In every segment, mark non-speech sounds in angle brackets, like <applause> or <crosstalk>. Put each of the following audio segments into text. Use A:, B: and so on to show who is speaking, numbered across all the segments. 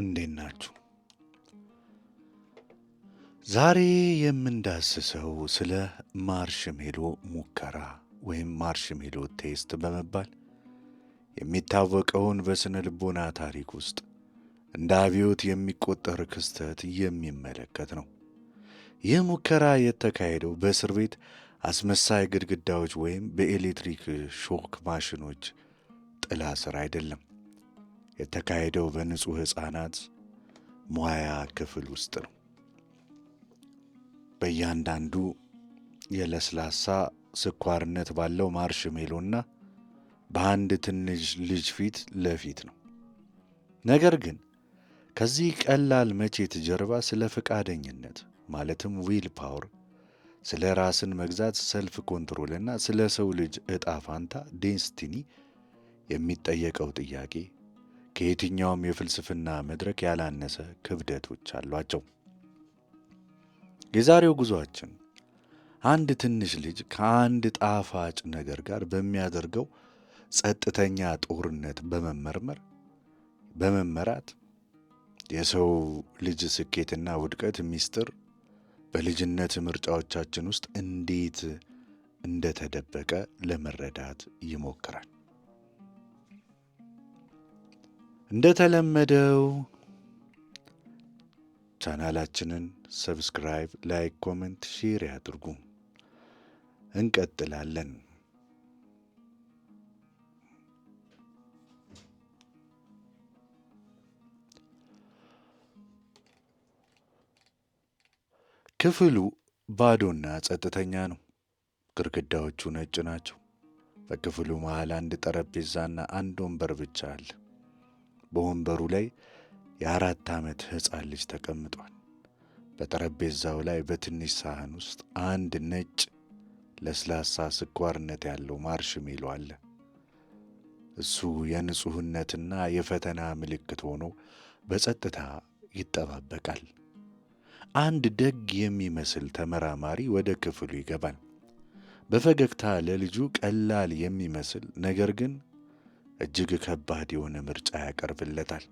A: እንዴት ናችሁ? ዛሬ የምንዳስሰው ስለ ማርሽሜሎ ሙከራ ወይም ማርሽሜሎ ቴስት በመባል የሚታወቀውን በስነ ልቦና ታሪክ ውስጥ እንደ አብዮት የሚቆጠር ክስተት የሚመለከት ነው። ይህ ሙከራ የተካሄደው በእስር ቤት አስመሳይ ግድግዳዎች ወይም በኤሌክትሪክ ሾክ ማሽኖች ጥላ ስር አይደለም። የተካሄደው በንጹሕ ሕፃናት መዋያ ክፍል ውስጥ ነው። በእያንዳንዱ የለስላሳ ስኳርነት ባለው ማርሽ ሜሎና በአንድ ትንሽ ልጅ ፊት ለፊት ነው። ነገር ግን ከዚህ ቀላል መቼት ጀርባ ስለ ፈቃደኝነት ማለትም ዊል ፓወር፣ ስለ ራስን መግዛት ሰልፍ ኮንትሮልና ስለ ሰው ልጅ እጣ ፋንታ ዴስቲኒ የሚጠየቀው ጥያቄ ከየትኛውም የፍልስፍና መድረክ ያላነሰ ክብደቶች አሏቸው። የዛሬው ጉዞአችን አንድ ትንሽ ልጅ ከአንድ ጣፋጭ ነገር ጋር በሚያደርገው ጸጥተኛ ጦርነት በመመርመር በመመራት የሰው ልጅ ስኬትና ውድቀት ሚስጥር በልጅነት ምርጫዎቻችን ውስጥ እንዴት እንደተደበቀ ለመረዳት ይሞክራል። እንደተለመደው ቻናላችንን ሰብስክራይብ፣ ላይክ፣ ኮመንት፣ ሼር ያድርጉ። እንቀጥላለን። ክፍሉ ባዶና ጸጥተኛ ነው። ግድግዳዎቹ ነጭ ናቸው። በክፍሉ መሃል አንድ ጠረጴዛና አንድ ወንበር ብቻ አለ። በወንበሩ ላይ የአራት ዓመት ሕፃን ልጅ ተቀምጧል። በጠረጴዛው ላይ በትንሽ ሳህን ውስጥ አንድ ነጭ ለስላሳ ስኳርነት ያለው ማርሽሜሎ አለ። እሱ የንጹሕነትና የፈተና ምልክት ሆኖ በጸጥታ ይጠባበቃል። አንድ ደግ የሚመስል ተመራማሪ ወደ ክፍሉ ይገባል። በፈገግታ ለልጁ ቀላል የሚመስል ነገር ግን እጅግ ከባድ የሆነ ምርጫ ያቀርብለታል።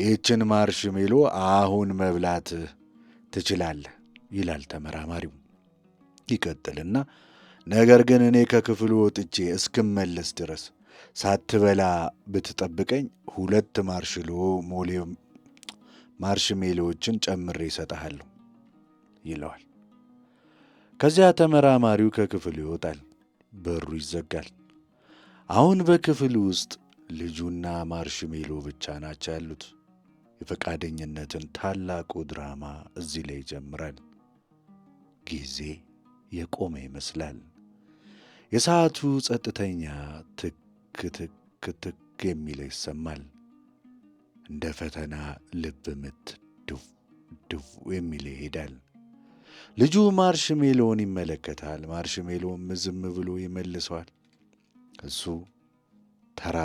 A: ይህችን ማርሽሜሎ አሁን መብላት ትችላለህ ይላል ተመራማሪው። ይቀጥልና ነገር ግን እኔ ከክፍሉ ወጥቼ እስክመለስ ድረስ ሳትበላ ብትጠብቀኝ ሁለት ማርሽሎ ማርሽሜሎዎችን ጨምሬ ይሰጠሃለሁ ይለዋል። ከዚያ ተመራማሪው ከክፍሉ ይወጣል፣ በሩ ይዘጋል። አሁን በክፍል ውስጥ ልጁና ማርሽሜሎ ብቻ ናቸው ያሉት። የፈቃደኝነትን ታላቁ ድራማ እዚህ ላይ ይጀምራል። ጊዜ የቆመ ይመስላል። የሰዓቱ ጸጥተኛ ትክ ትክ ትክ የሚለው ይሰማል። እንደ ፈተና ልብ ምት ድፍ ድፍ የሚለው ይሄዳል። ልጁ ማርሽሜሎን ይመለከታል። ማርሽሜሎም ዝም ብሎ ይመልሰዋል። እሱ ተራ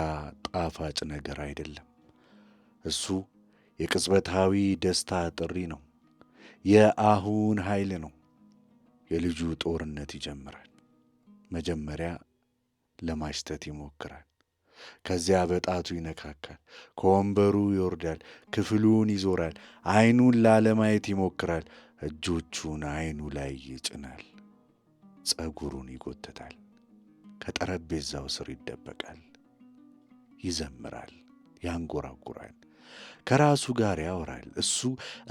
A: ጣፋጭ ነገር አይደለም። እሱ የቅጽበታዊ ደስታ ጥሪ ነው። የአሁን ኃይል ነው። የልጁ ጦርነት ይጀምራል። መጀመሪያ ለማሽተት ይሞክራል። ከዚያ በጣቱ ይነካካል። ከወንበሩ ይወርዳል። ክፍሉን ይዞራል። ዓይኑን ላለማየት ይሞክራል። እጆቹን ዓይኑ ላይ ይጭናል። ፀጉሩን ይጎትታል። ከጠረጴዛው ስር ይደበቃል፣ ይዘምራል፣ ያንጎራጉራል፣ ከራሱ ጋር ያወራል። እሱ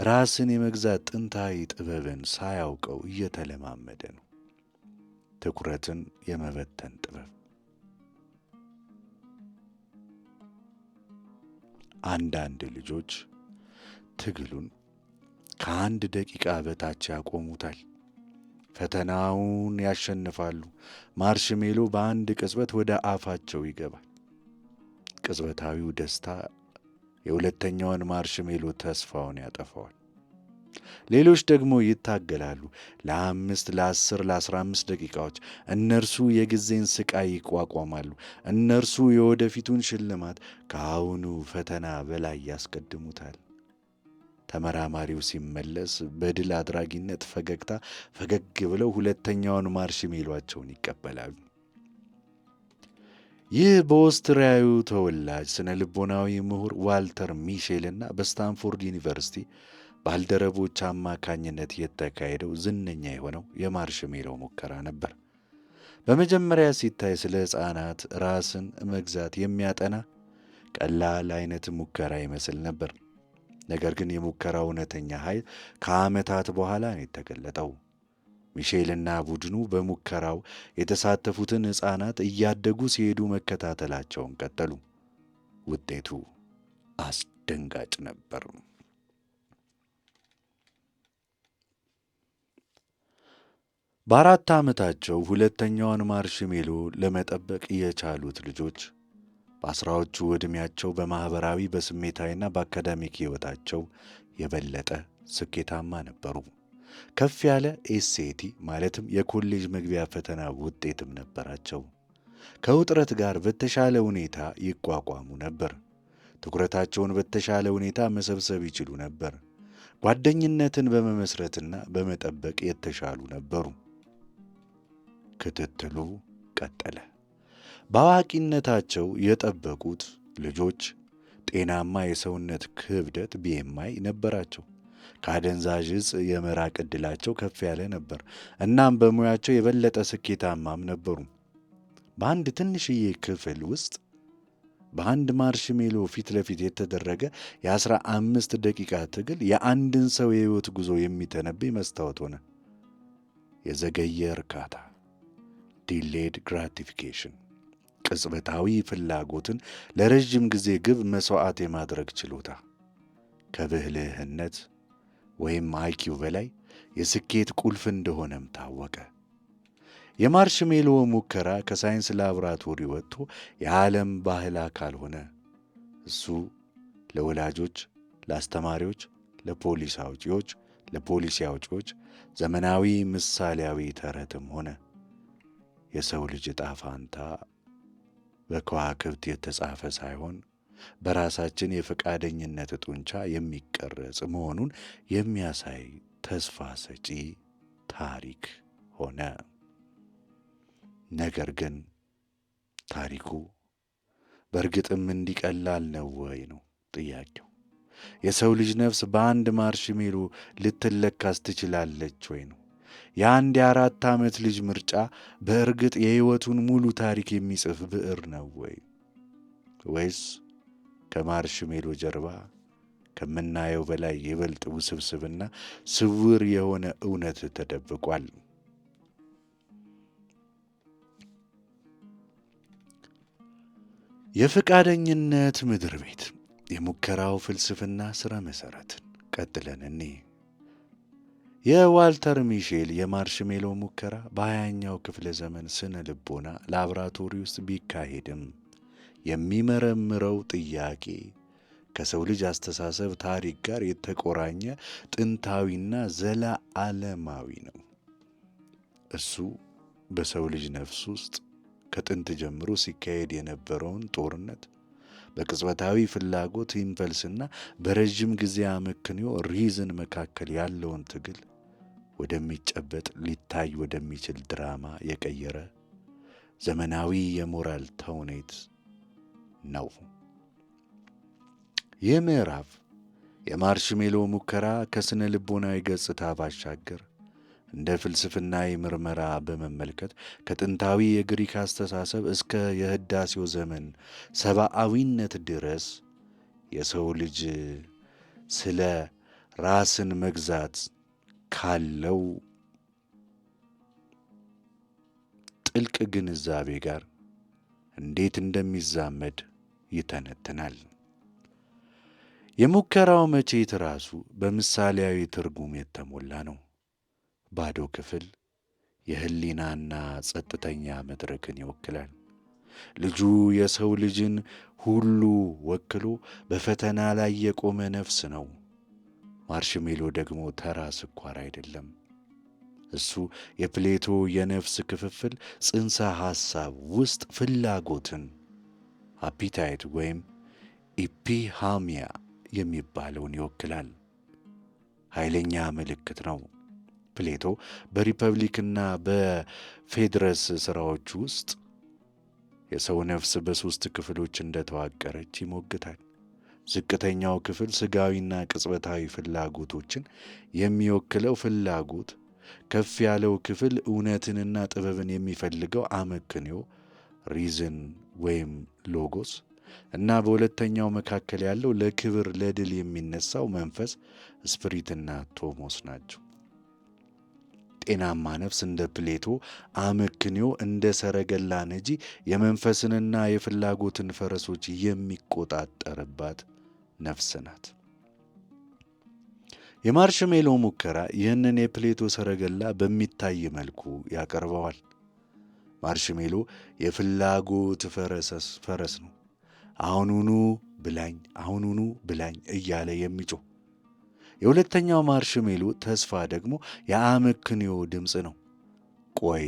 A: ራስን የመግዛት ጥንታዊ ጥበብን ሳያውቀው እየተለማመደ ነው። ትኩረትን የመበተን ጥበብ አንዳንድ ልጆች ትግሉን ከአንድ ደቂቃ በታች ያቆሙታል። ፈተናውን ያሸንፋሉ። ማርሽሜሎ በአንድ ቅጽበት ወደ አፋቸው ይገባል። ቅጽበታዊው ደስታ የሁለተኛውን ማርሽሜሎ ተስፋውን ያጠፋዋል። ሌሎች ደግሞ ይታገላሉ። ለአምስት ለአስር ለአስራ አምስት ደቂቃዎች እነርሱ የጊዜን ስቃይ ይቋቋማሉ። እነርሱ የወደፊቱን ሽልማት ከአሁኑ ፈተና በላይ ያስቀድሙታል። ተመራማሪው ሲመለስ በድል አድራጊነት ፈገግታ ፈገግ ብለው ሁለተኛውን ማርሽ ሜሏቸውን ይቀበላሉ። ይህ በኦስትሪያዊ ተወላጅ ስነ ልቦናዊ ምሁር ዋልተር ሚሼልና በስታንፎርድ ዩኒቨርሲቲ ባልደረቦች አማካኝነት የተካሄደው ዝነኛ የሆነው የማርሽ ሜሎ ሙከራ ነበር። በመጀመሪያ ሲታይ ስለ ሕፃናት ራስን መግዛት የሚያጠና ቀላል አይነት ሙከራ ይመስል ነበር። ነገር ግን የሙከራ እውነተኛ ኃይል ከዓመታት በኋላ ነው የተገለጠው። ሚሼልና ቡድኑ በሙከራው የተሳተፉትን ሕፃናት እያደጉ ሲሄዱ መከታተላቸውን ቀጠሉ። ውጤቱ አስደንጋጭ ነበር። በአራት ዓመታቸው ሁለተኛውን ማርሽሜሎ ለመጠበቅ የቻሉት ልጆች በአስራዎቹ ዕድሜያቸው በማኅበራዊ በስሜታዊና በአካዳሚክ ሕይወታቸው የበለጠ ስኬታማ ነበሩ። ከፍ ያለ ኤሴቲ ማለትም የኮሌጅ መግቢያ ፈተና ውጤትም ነበራቸው። ከውጥረት ጋር በተሻለ ሁኔታ ይቋቋሙ ነበር። ትኩረታቸውን በተሻለ ሁኔታ መሰብሰብ ይችሉ ነበር። ጓደኝነትን በመመስረትና በመጠበቅ የተሻሉ ነበሩ። ክትትሉ ቀጠለ። በአዋቂነታቸው የጠበቁት ልጆች ጤናማ የሰውነት ክብደት ቢኤምአይ ነበራቸው። ከአደንዛዥ እጽ የመራቅ ዕድላቸው ከፍ ያለ ነበር። እናም በሙያቸው የበለጠ ስኬታማም ነበሩ። በአንድ ትንሽዬ ክፍል ውስጥ በአንድ ማርሽሜሎ ፊት ለፊት የተደረገ የአስራ አምስት ደቂቃ ትግል የአንድን ሰው የሕይወት ጉዞ የሚተነብይ መስታወት ሆነ። የዘገየ እርካታ ዲሌድ ግራቲፊኬሽን ቅጽበታዊ ፍላጎትን ለረዥም ጊዜ ግብ መሥዋዕት የማድረግ ችሎታ ከብልህነት ወይም አይኪው በላይ የስኬት ቁልፍ እንደሆነም ታወቀ። የማርሽሜሎ ሙከራ ከሳይንስ ላብራቶሪ ወጥቶ የዓለም ባህል አካል ሆነ። እሱ ለወላጆች፣ ለአስተማሪዎች፣ ለፖሊስ አውጪዎች፣ ለፖሊሲ አውጪዎች ዘመናዊ ምሳሌያዊ ተረትም ሆነ የሰው ልጅ ዕጣ በከዋክብት የተጻፈ ሳይሆን በራሳችን የፈቃደኝነት ጡንቻ የሚቀረጽ መሆኑን የሚያሳይ ተስፋ ሰጪ ታሪክ ሆነ። ነገር ግን ታሪኩ በእርግጥም እንዲቀላል ነው ወይ ነው ጥያቄው። የሰው ልጅ ነፍስ በአንድ ማርሽሜሎ ልትለካስ ትችላለች ወይ ነው የአንድ የአራት ዓመት ልጅ ምርጫ በእርግጥ የሕይወቱን ሙሉ ታሪክ የሚጽፍ ብዕር ነው ወይ? ወይስ ከማርሽሜሎ ጀርባ ከምናየው በላይ ይበልጥ ውስብስብና ስውር የሆነ እውነት ተደብቋል? የፈቃደኝነት ምድር ቤት የሙከራው ፍልስፍና ሥረ መሠረትን ቀጥለን እኔ የዋልተር ሚሼል የማርሽሜሎ ሙከራ በ20ኛው ክፍለ ዘመን ስነ ልቦና ላብራቶሪ ውስጥ ቢካሄድም የሚመረምረው ጥያቄ ከሰው ልጅ አስተሳሰብ ታሪክ ጋር የተቆራኘ ጥንታዊና ዘላ አለማዊ ነው። እሱ በሰው ልጅ ነፍስ ውስጥ ከጥንት ጀምሮ ሲካሄድ የነበረውን ጦርነት በቅጽበታዊ ፍላጎት ኢምፐልስና በረዥም ጊዜ አመክንዮ ሪዝን መካከል ያለውን ትግል ወደሚጨበጥ ሊታይ ወደሚችል ድራማ የቀየረ ዘመናዊ የሞራል ተውኔት ነው። ይህ ምዕራፍ የማርሽሜሎ ሙከራ ከስነ ልቦናዊ ገጽታ ባሻገር እንደ ፍልስፍና ምርመራ በመመልከት ከጥንታዊ የግሪክ አስተሳሰብ እስከ የህዳሴው ዘመን ሰብአዊነት ድረስ የሰው ልጅ ስለ ራስን መግዛት ካለው ጥልቅ ግንዛቤ ጋር እንዴት እንደሚዛመድ ይተነትናል። የሙከራው መቼት ራሱ በምሳሌያዊ ትርጉም የተሞላ ነው። ባዶ ክፍል የህሊናና ጸጥተኛ መድረክን ይወክላል። ልጁ የሰው ልጅን ሁሉ ወክሎ በፈተና ላይ የቆመ ነፍስ ነው። ማርሽሜሎ ደግሞ ተራ ስኳር አይደለም። እሱ የፕሌቶ የነፍስ ክፍፍል ጽንሰ ሐሳብ ውስጥ ፍላጎትን አፒታይት ወይም ኢፒሃሚያ የሚባለውን ይወክላል። ኃይለኛ ምልክት ነው። ፕሌቶ በሪፐብሊክና በፌድረስ ስራዎች ውስጥ የሰው ነፍስ በሦስት ክፍሎች እንደተዋቀረች ይሞግታል። ዝቅተኛው ክፍል ስጋዊና ቅጽበታዊ ፍላጎቶችን የሚወክለው ፍላጎት፣ ከፍ ያለው ክፍል እውነትንና ጥበብን የሚፈልገው አመክንዮ ሪዝን ወይም ሎጎስ እና በሁለተኛው መካከል ያለው ለክብር ለድል የሚነሳው መንፈስ ስፕሪትና ቶሞስ ናቸው። ጤናማ ነፍስ እንደ ፕሌቶ አመክንዮ እንደ ሰረገላ ነጂ የመንፈስንና የፍላጎትን ፈረሶች የሚቆጣጠርባት ነፍስ ናት። የማርሽሜሎ ሙከራ ይህንን የፕሌቶ ሰረገላ በሚታይ መልኩ ያቀርበዋል። ማርሽሜሎ የፍላጎት ፈረስ ነው። አሁኑኑ ብላኝ፣ አሁኑኑ ብላኝ እያለ የሚጮህ የሁለተኛው ማርሽሜሎ ተስፋ ደግሞ የአመክንዮ ድምፅ ነው። ቆይ፣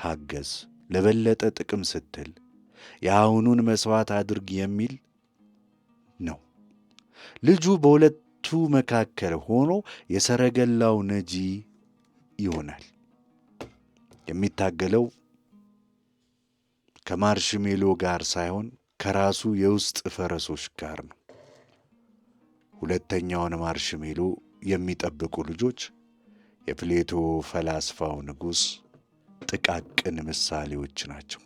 A: ታገዝ፣ ለበለጠ ጥቅም ስትል የአሁኑን መሥዋዕት አድርግ የሚል ነው። ልጁ በሁለቱ መካከል ሆኖ የሰረገላው ነጂ ይሆናል። የሚታገለው ከማርሽሜሎ ጋር ሳይሆን ከራሱ የውስጥ ፈረሶች ጋር ነው። ሁለተኛውን ማርሽሜሎ የሚጠብቁ ልጆች የፕሌቶ ፈላስፋው ንጉሥ ጥቃቅን ምሳሌዎች ናቸው።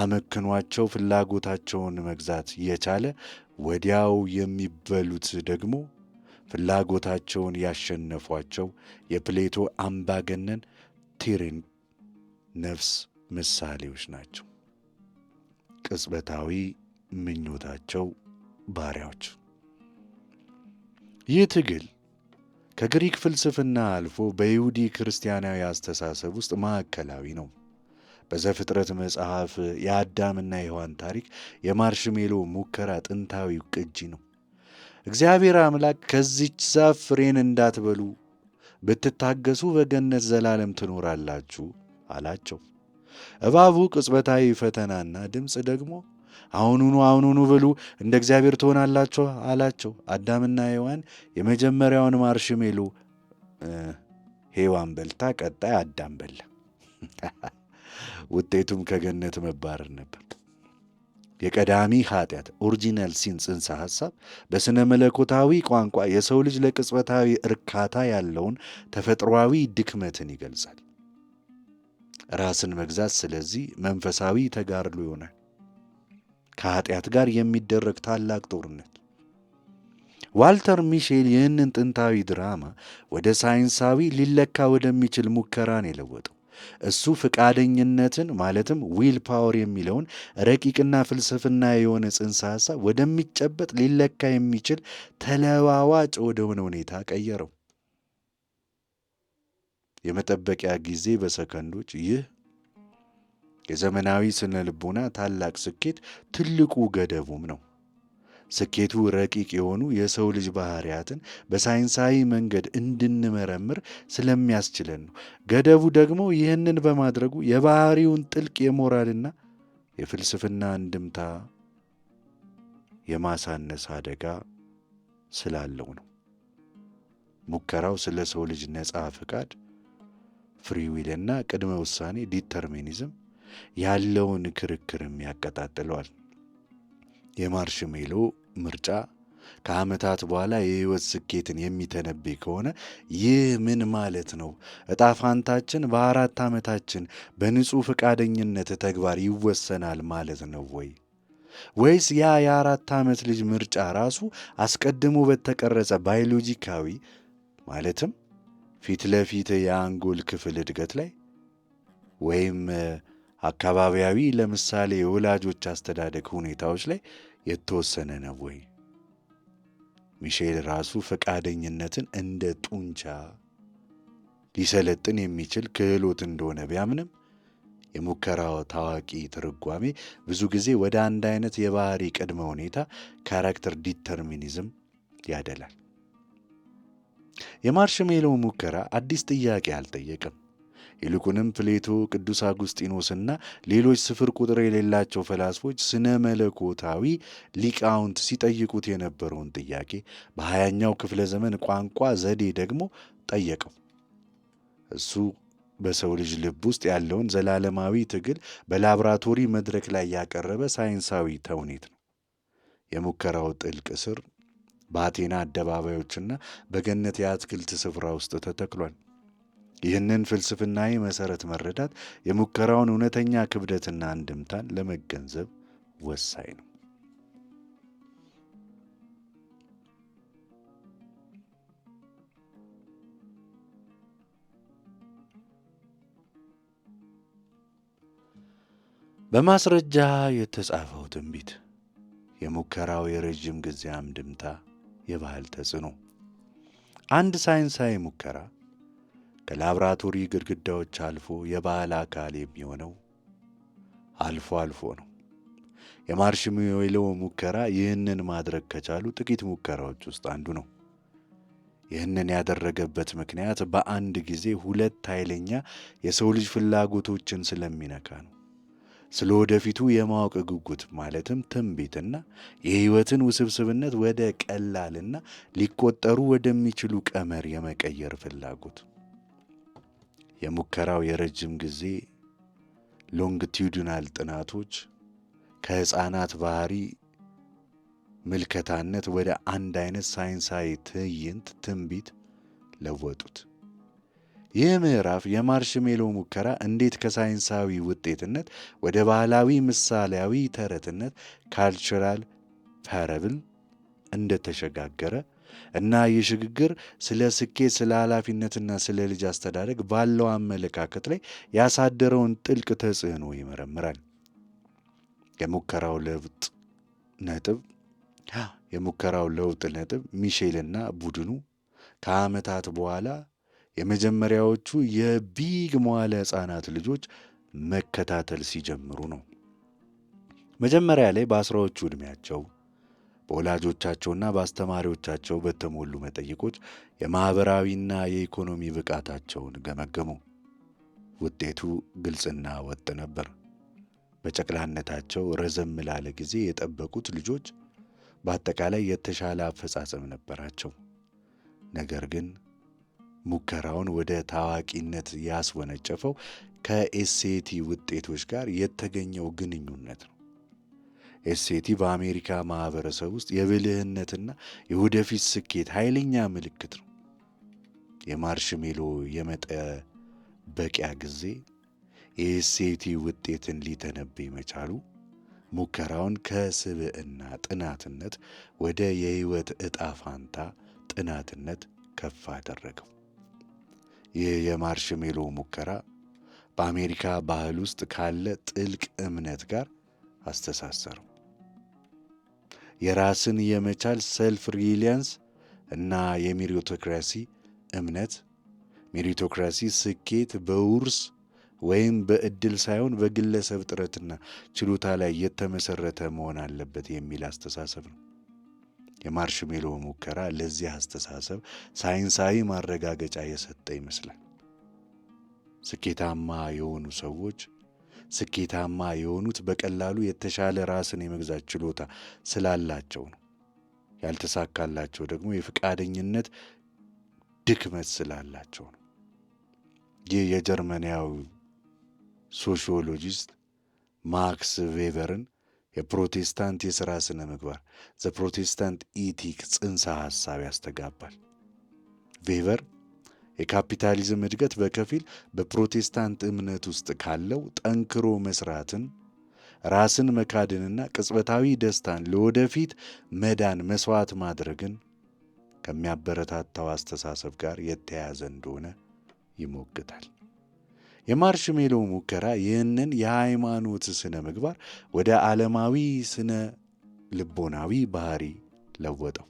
A: አመክኗቸው ፍላጎታቸውን መግዛት የቻለ ወዲያው የሚበሉት ደግሞ ፍላጎታቸውን ያሸነፏቸው የፕሌቶ አምባገነን ቲርን ነፍስ ምሳሌዎች ናቸው። ቅጽበታዊ ምኞታቸው ባሪያዎች ይህ ትግል ከግሪክ ፍልስፍና አልፎ በይሁዲ ክርስቲያናዊ አስተሳሰብ ውስጥ ማዕከላዊ ነው። በዘፍጥረት መጽሐፍ የአዳምና የሔዋን ታሪክ የማርሽሜሎ ሙከራ ጥንታዊ ቅጂ ነው። እግዚአብሔር አምላክ ከዚች ዛፍ ፍሬን እንዳትበሉ ብትታገሱ በገነት ዘላለም ትኖራላችሁ አላቸው። እባቡ ቅጽበታዊ ፈተናና ድምፅ ደግሞ አሁኑኑ አሁኑኑ ብሉ እንደ እግዚአብሔር ትሆናላችሁ አላቸው። አዳምና ሔዋን የመጀመሪያውን ማርሽሜሉ ሔዋን በልታ፣ ቀጣይ አዳም በላ። <laughs> ውጤቱም ከገነት መባረር ነበር። የቀዳሚ ኃጢአት ኦሪጂናል ሲን ጽንሰ ሐሳብ በሥነ መለኮታዊ ቋንቋ የሰው ልጅ ለቅጽበታዊ እርካታ ያለውን ተፈጥሯዊ ድክመትን ይገልጻል። ራስን መግዛት ስለዚህ መንፈሳዊ ተጋድሎ ይሆናል። ከኃጢአት ጋር የሚደረግ ታላቅ ጦርነት። ዋልተር ሚሼል ይህንን ጥንታዊ ድራማ ወደ ሳይንሳዊ ሊለካ ወደሚችል ሙከራን የለወጠው እሱ ፈቃደኝነትን ማለትም ዊል ፓወር የሚለውን ረቂቅና ፍልስፍና የሆነ ጽንሰ ሐሳብ ወደሚጨበጥ ሊለካ የሚችል ተለዋዋጭ ወደሆነ ሁኔታ ቀየረው። የመጠበቂያ ጊዜ በሰከንዶች ይህ የዘመናዊ ስነ ልቦና ታላቅ ስኬት ትልቁ ገደቡም ነው። ስኬቱ ረቂቅ የሆኑ የሰው ልጅ ባህሪያትን በሳይንሳዊ መንገድ እንድንመረምር ስለሚያስችለን ነው። ገደቡ ደግሞ ይህንን በማድረጉ የባህሪውን ጥልቅ የሞራልና የፍልስፍና እንድምታ የማሳነስ አደጋ ስላለው ነው። ሙከራው ስለ ሰው ልጅ ነፃ ፍቃድ ፍሪዊልና ቅድመ ውሳኔ ዲተርሚኒዝም ያለውን ክርክርም ያቀጣጥለዋል። የማርሽሜሎ ምርጫ ከዓመታት በኋላ የህይወት ስኬትን የሚተነብይ ከሆነ ይህ ምን ማለት ነው? እጣ ፋንታችን በአራት ዓመታችን በንጹሕ ፈቃደኝነት ተግባር ይወሰናል ማለት ነው ወይ? ወይስ ያ የአራት ዓመት ልጅ ምርጫ ራሱ አስቀድሞ በተቀረጸ ባዮሎጂካዊ ማለትም ፊት ለፊት የአንጎል ክፍል እድገት ላይ ወይም አካባቢያዊ ለምሳሌ የወላጆች አስተዳደግ ሁኔታዎች ላይ የተወሰነ ነው ወይ? ሚሼል ራሱ ፈቃደኝነትን እንደ ጡንቻ ሊሰለጥን የሚችል ክህሎት እንደሆነ ቢያምንም የሙከራው ታዋቂ ትርጓሜ ብዙ ጊዜ ወደ አንድ አይነት የባህሪ ቅድመ ሁኔታ ካራክተር ዲተርሚኒዝም ያደላል። የማርሽሜሎ ሙከራ አዲስ ጥያቄ አልጠየቅም። ይልቁንም ፕሌቶ፣ ቅዱስ አጉስጢኖስና ሌሎች ስፍር ቁጥር የሌላቸው ፈላስፎች ስነ መለኮታዊ ሊቃውንት ሲጠይቁት የነበረውን ጥያቄ በሀያኛው ክፍለ ዘመን ቋንቋ ዘዴ ደግሞ ጠየቀው። እሱ በሰው ልጅ ልብ ውስጥ ያለውን ዘላለማዊ ትግል በላብራቶሪ መድረክ ላይ ያቀረበ ሳይንሳዊ ተውኔት ነው። የሙከራው ጥልቅ ስር በአቴና አደባባዮችና በገነት የአትክልት ስፍራ ውስጥ ተተክሏል። ይህንን ፍልስፍናዊ መሰረት መረዳት የሙከራውን እውነተኛ ክብደትና አንድምታን ለመገንዘብ ወሳኝ ነው። በማስረጃ የተጻፈው ትንቢት የሙከራው የረዥም ጊዜ አንድምታ፣ የባህል ተጽዕኖ አንድ ሳይንሳዊ ሙከራ ከላብራቶሪ ግድግዳዎች አልፎ የባህል አካል የሚሆነው አልፎ አልፎ ነው። የማርሽሜሎ ሙከራ ይህንን ማድረግ ከቻሉ ጥቂት ሙከራዎች ውስጥ አንዱ ነው። ይህንን ያደረገበት ምክንያት በአንድ ጊዜ ሁለት ኃይለኛ የሰው ልጅ ፍላጎቶችን ስለሚነካ ነው። ስለ ወደፊቱ የማወቅ ጉጉት ማለትም ትንቢትና የሕይወትን ውስብስብነት ወደ ቀላልና ሊቆጠሩ ወደሚችሉ ቀመር የመቀየር ፍላጎት የሙከራው የረጅም ጊዜ ሎንግቲዩድናል ጥናቶች ከሕፃናት ባህሪ ምልከታነት ወደ አንድ አይነት ሳይንሳዊ ትዕይንት ትንቢት ለወጡት። ይህ ምዕራፍ የማርሽሜሎ ሙከራ እንዴት ከሳይንሳዊ ውጤትነት ወደ ባህላዊ ምሳሌያዊ ተረትነት ካልቸራል ፓረብል እንደተሸጋገረ እና ይህ ሽግግር ስለ ስኬት፣ ስለ ኃላፊነትና ስለ ልጅ አስተዳደግ ባለው አመለካከት ላይ ያሳደረውን ጥልቅ ተጽዕኖ ይመረምራል። የሙከራው ለውጥ ነጥብ የሙከራው ለውጥ ነጥብ ሚሼልና ቡድኑ ከዓመታት በኋላ የመጀመሪያዎቹ የቢግ መዋለ ሕፃናት ልጆች መከታተል ሲጀምሩ ነው። መጀመሪያ ላይ በአስራዎቹ ዕድሜያቸው በወላጆቻቸውና በአስተማሪዎቻቸው በተሞሉ መጠይቆች የማኅበራዊና የኢኮኖሚ ብቃታቸውን ገመገሙ። ውጤቱ ግልጽና ወጥ ነበር። በጨቅላነታቸው ረዘም ላለ ጊዜ የጠበቁት ልጆች በአጠቃላይ የተሻለ አፈጻጸም ነበራቸው። ነገር ግን ሙከራውን ወደ ታዋቂነት ያስወነጨፈው ከኤስኤቲ ውጤቶች ጋር የተገኘው ግንኙነት ነው። ኤሴቲ በአሜሪካ ማህበረሰብ ውስጥ የብልህነትና የወደፊት ስኬት ኃይለኛ ምልክት ነው። የማርሽሜሎ የመጠበቂያ ጊዜ የኤሴቲ ውጤትን ሊተነብይ መቻሉ ሙከራውን ከስብዕና ጥናትነት ወደ የህይወት እጣ ፋንታ ጥናትነት ከፍ አደረገው። ይህ የማርሽሜሎ ሙከራ በአሜሪካ ባህል ውስጥ ካለ ጥልቅ እምነት ጋር አስተሳሰረው። የራስን የመቻል ሰልፍ ሪሊያንስ እና የሜሪቶክራሲ እምነት ሜሪቶክራሲ ስኬት በውርስ ወይም በእድል ሳይሆን በግለሰብ ጥረትና ችሎታ ላይ የተመሰረተ መሆን አለበት የሚል አስተሳሰብ ነው። የማርሽሜሎ ሙከራ ለዚህ አስተሳሰብ ሳይንሳዊ ማረጋገጫ የሰጠ ይመስላል። ስኬታማ የሆኑ ሰዎች ስኬታማ የሆኑት በቀላሉ የተሻለ ራስን የመግዛት ችሎታ ስላላቸው ነው። ያልተሳካላቸው ደግሞ የፈቃደኝነት ድክመት ስላላቸው ነው። ይህ የጀርመንያዊ ሶሽዮሎጂስት ማክስ ቬቨርን የፕሮቴስታንት የሥራ ሥነ ምግባር ዘ ፕሮቴስታንት ኢቲክ ጽንሰ ሐሳብ ያስተጋባል። ቬቨር የካፒታሊዝም እድገት በከፊል በፕሮቴስታንት እምነት ውስጥ ካለው ጠንክሮ መስራትን ራስን መካድንና ቅጽበታዊ ደስታን ለወደፊት መዳን መስዋዕት ማድረግን ከሚያበረታታው አስተሳሰብ ጋር የተያያዘ እንደሆነ ይሞግታል። የማርሽሜሎ ሙከራ ይህንን የሃይማኖት ስነ ምግባር ወደ ዓለማዊ ስነ ልቦናዊ ባህሪ ለወጠው።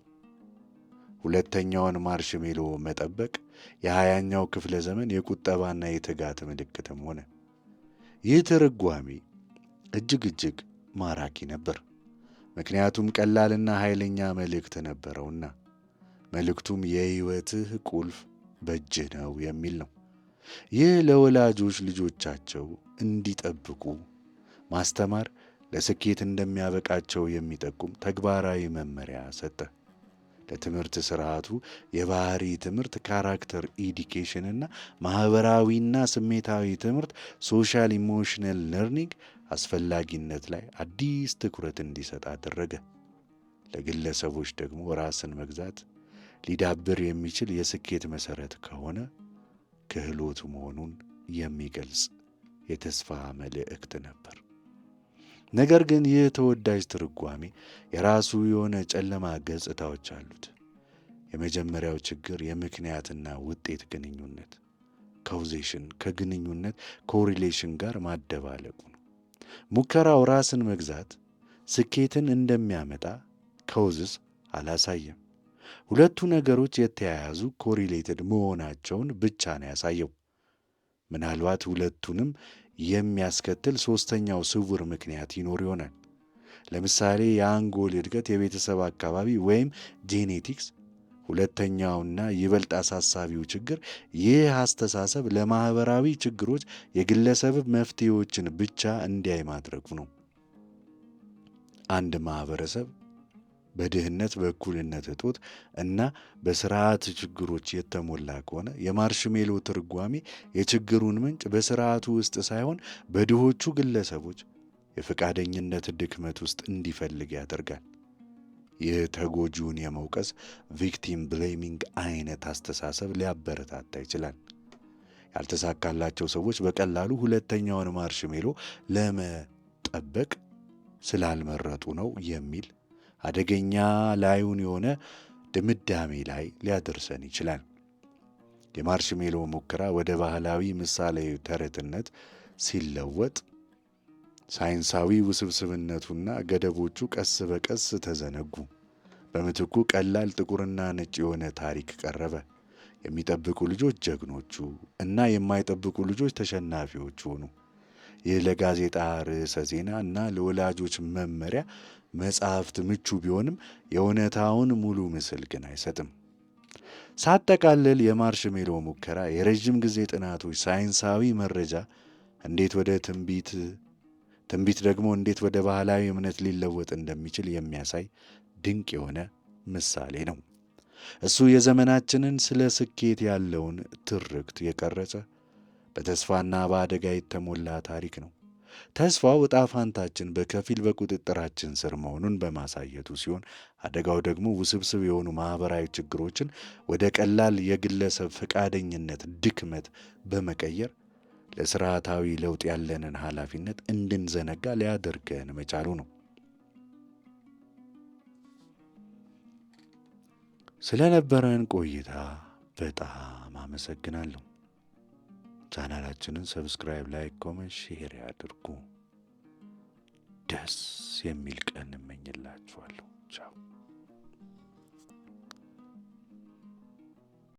A: ሁለተኛውን ማርሽሜሎ መጠበቅ የሃያኛው ክፍለ ዘመን የቁጠባና የትጋት ምልክትም ሆነ። ይህ ትርጓሜ እጅግ እጅግ ማራኪ ነበር። ምክንያቱም ቀላልና ኃይለኛ መልእክት ነበረውና። መልእክቱም የሕይወትህ ቁልፍ በእጅህ ነው የሚል ነው። ይህ ለወላጆች ልጆቻቸው እንዲጠብቁ ማስተማር ለስኬት እንደሚያበቃቸው የሚጠቁም ተግባራዊ መመሪያ ሰጠ። ለትምህርት ስርዓቱ የባህሪ ትምህርት ካራክተር ኢዲኬሽን እና ማህበራዊና ስሜታዊ ትምህርት ሶሻል ኢሞሽናል ለርኒንግ አስፈላጊነት ላይ አዲስ ትኩረት እንዲሰጥ አደረገ። ለግለሰቦች ደግሞ ራስን መግዛት ሊዳብር የሚችል የስኬት መሰረት ከሆነ ክህሎት መሆኑን የሚገልጽ የተስፋ መልእክት ነበር። ነገር ግን ይህ ተወዳጅ ትርጓሜ የራሱ የሆነ ጨለማ ገጽታዎች አሉት። የመጀመሪያው ችግር የምክንያትና ውጤት ግንኙነት ካውዜሽን ከግንኙነት ኮሪሌሽን ጋር ማደባለቁ ነው። ሙከራው ራስን መግዛት ስኬትን እንደሚያመጣ ከውዝስ አላሳየም። ሁለቱ ነገሮች የተያያዙ ኮሪሌትድ መሆናቸውን ብቻ ነው ያሳየው። ምናልባት ሁለቱንም የሚያስከትል ሶስተኛው ስውር ምክንያት ይኖር ይሆናል። ለምሳሌ የአንጎል እድገት፣ የቤተሰብ አካባቢ ወይም ጄኔቲክስ። ሁለተኛውና ይበልጥ አሳሳቢው ችግር ይህ አስተሳሰብ ለማህበራዊ ችግሮች የግለሰብ መፍትሄዎችን ብቻ እንዲያይ ማድረጉ ነው። አንድ ማህበረሰብ በድህነት በእኩልነት እጦት እና በስርዓት ችግሮች የተሞላ ከሆነ የማርሽሜሎ ትርጓሜ የችግሩን ምንጭ በስርዓቱ ውስጥ ሳይሆን በድሆቹ ግለሰቦች የፈቃደኝነት ድክመት ውስጥ እንዲፈልግ ያደርጋል። ይህ ተጎጂውን የመውቀስ ቪክቲም ብሌሚንግ አይነት አስተሳሰብ ሊያበረታታ ይችላል። ያልተሳካላቸው ሰዎች በቀላሉ ሁለተኛውን ማርሽሜሎ ለመጠበቅ ስላልመረጡ ነው የሚል አደገኛ ላዩን የሆነ ድምዳሜ ላይ ሊያደርሰን ይችላል። የማርሽሜሎ ሙከራ ወደ ባህላዊ ምሳሌ ተረትነት ሲለወጥ ሳይንሳዊ ውስብስብነቱና ገደቦቹ ቀስ በቀስ ተዘነጉ። በምትኩ ቀላል ጥቁርና ነጭ የሆነ ታሪክ ቀረበ። የሚጠብቁ ልጆች ጀግኖቹ እና የማይጠብቁ ልጆች ተሸናፊዎች ሆኑ። ይህ ለጋዜጣ ርዕሰ ዜና እና ለወላጆች መመሪያ መጽሐፍት ምቹ ቢሆንም የእውነታውን ሙሉ ምስል ግን አይሰጥም። ሳጠቃልል የማርሽሜሎ ሙከራ የረዥም ጊዜ ጥናቶች ሳይንሳዊ መረጃ እንዴት ወደ ትንቢት ትንቢት ደግሞ እንዴት ወደ ባህላዊ እምነት ሊለወጥ እንደሚችል የሚያሳይ ድንቅ የሆነ ምሳሌ ነው። እሱ የዘመናችንን ስለ ስኬት ያለውን ትርክት የቀረጸ በተስፋና በአደጋ የተሞላ ታሪክ ነው። ተስፋው ዕጣ ፋንታችን በከፊል በቁጥጥራችን ስር መሆኑን በማሳየቱ ሲሆን አደጋው ደግሞ ውስብስብ የሆኑ ማኅበራዊ ችግሮችን ወደ ቀላል የግለሰብ ፈቃደኝነት ድክመት በመቀየር ለስርዓታዊ ለውጥ ያለንን ኃላፊነት እንድንዘነጋ ሊያደርገን መቻሉ ነው። ስለነበረን ቆይታ በጣም አመሰግናለሁ። ቻናላችንን ሰብስክራይብ፣ ላይክ፣ ኮመንት፣ ሼር ያድርጉ። ደስ የሚል ቀን እመኝላችኋለሁ። ቻው